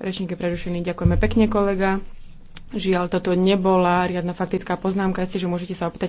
Rečník je prerušený. Ďakujeme pekne, kolega. Žiaľ, toto nebola riadna faktická poznámka. Ste, že môžete sa opýtať